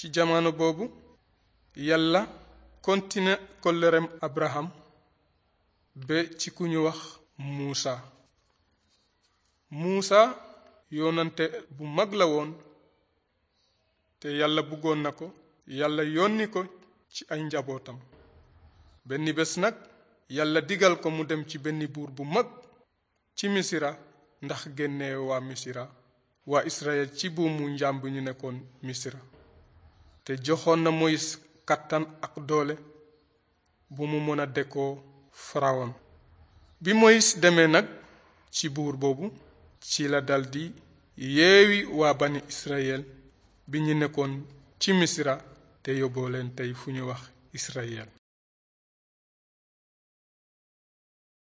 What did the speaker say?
ci jamono boobu yàlla kontine kollerem abraham ba ci ku ñu wax muusa muusa yoonante bu mag la woon te yàlla bëggoon na ko yàlla yónni ko ci ay njabootam benn bés nag yàlla digal ko mu dem ci benn buur bu mag ci misira ndax génne waa misira waa israel ci buumu njaam bi ñu nekkoon misira te joxoon na moyis kàttan ak doole bu mu mën a dekkoo farawoon bi moyis demee nag ci buur boobu ci la daldi yeewi waa bani israel bi ñu nekkoon ci misira te yóbboo leen tey fu ñu wax israel